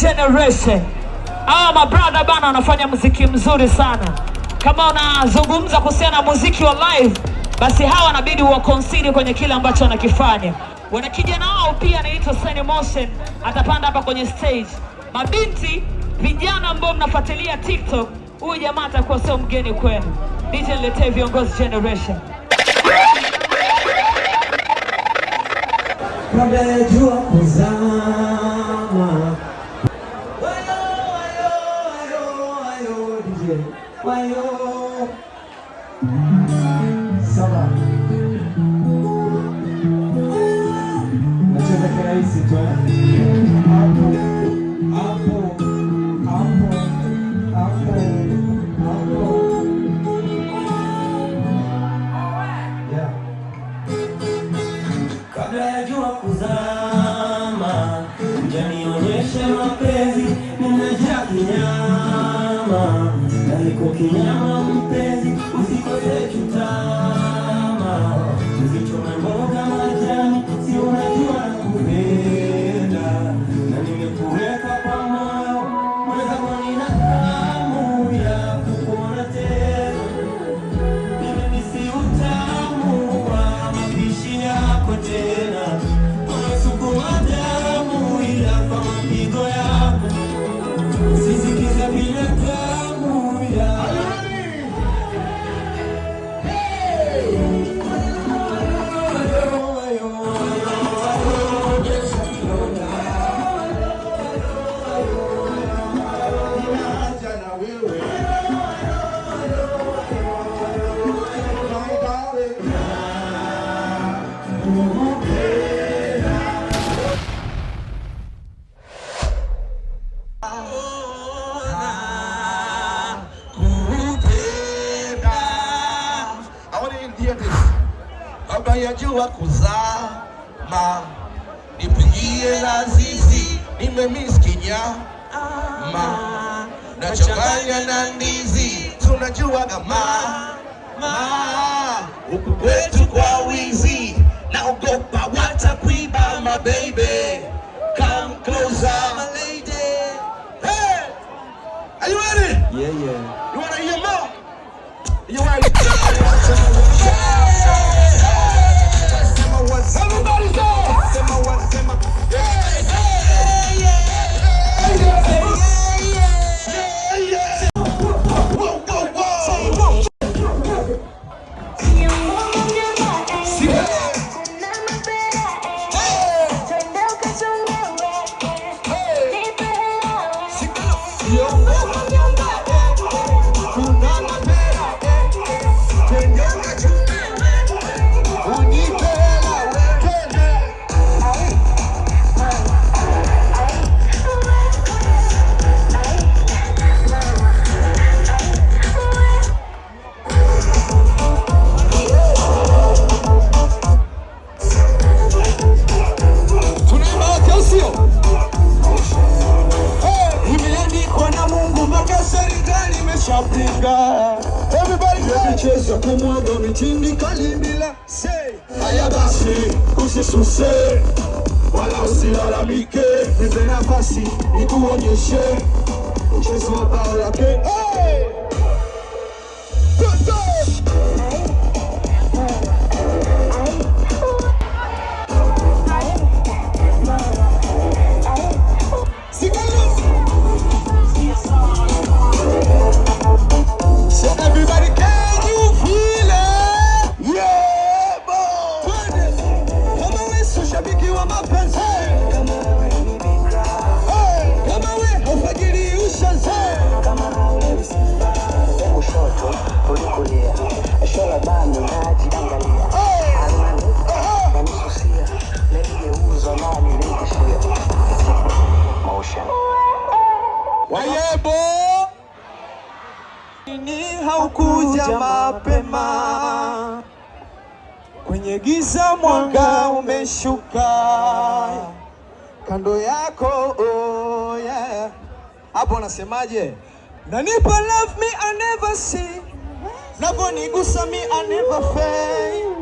generation. my brother bana wanafanya muziki mzuri sana. Kama unazungumza kuhusiana na muziki wa live, basi hawa inabidi uwakonsidi kwenye kile ambacho wanakifanya. Wana kijana wao pia anaitwa Sunny Motion, atapanda hapa kwenye stage. Mabinti vijana ambao mnafuatilia TikTok, huyu jamaa atakuwa sio mgeni kwenu. DJ niletee viongozi generation. Kabla ya jua kuzama ไปโอ com quem mão de pele, o ciclo Baba yajua kuzama, nipigie la zizi, nimemiskinya ma nachanganya na ndizi, tunajua kama huku kwetu kwa wizi, naogopa watakuiba mababy et wala usilalamike, tout ni je je wa là lake hey! kulikulia shola bando najiangalia ananisusia nani likishia Wayebo haukuja mapema kwenye giza mwanga umeshuka kando yako oh yeah. Hapo unasemaje? Nanipa love me I never see nabwo nigusa me I never fail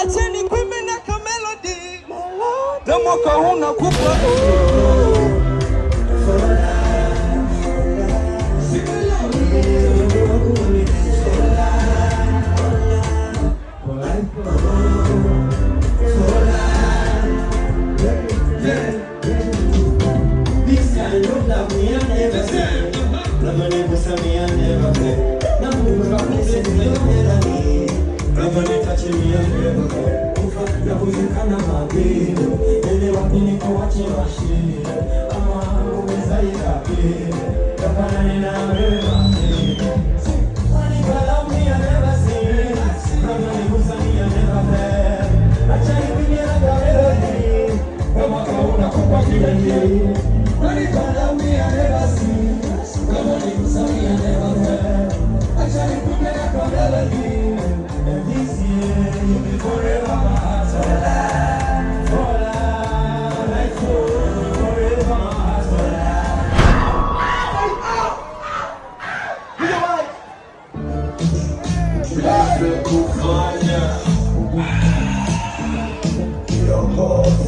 acheni kwimena kamelody domoka huna kupwa kushikana mabili ele wapi nikuache mashini ama uweza ikabili kafanani na mabili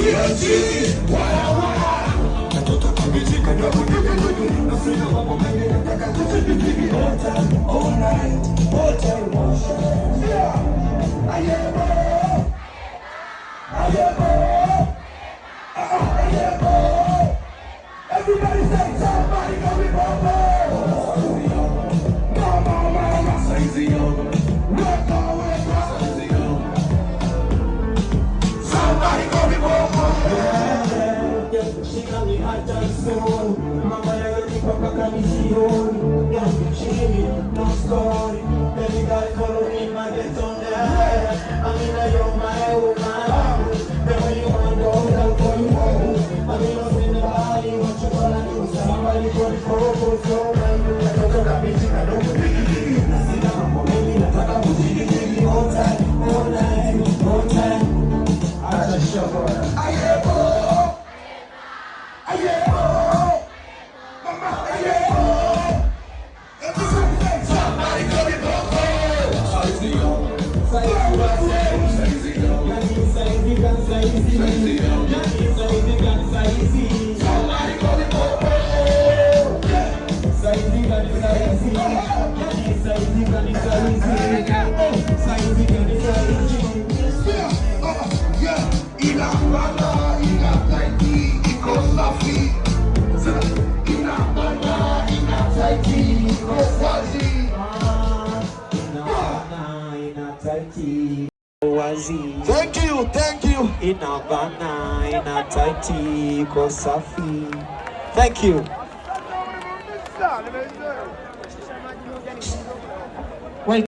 All night, all day, motion. Yeah, I am. milioni ya chini na mstori Beliga koloni magetonde Amina yo mae u maru Dewe yu mando na ukoi mou Amina sine bali wachokola nusa Mbali kori koko so Kato kabiti kadogo piki taiti wazi. Thank you, thank you. Inabana, ina taiti, iko safi. Thank you. Wait.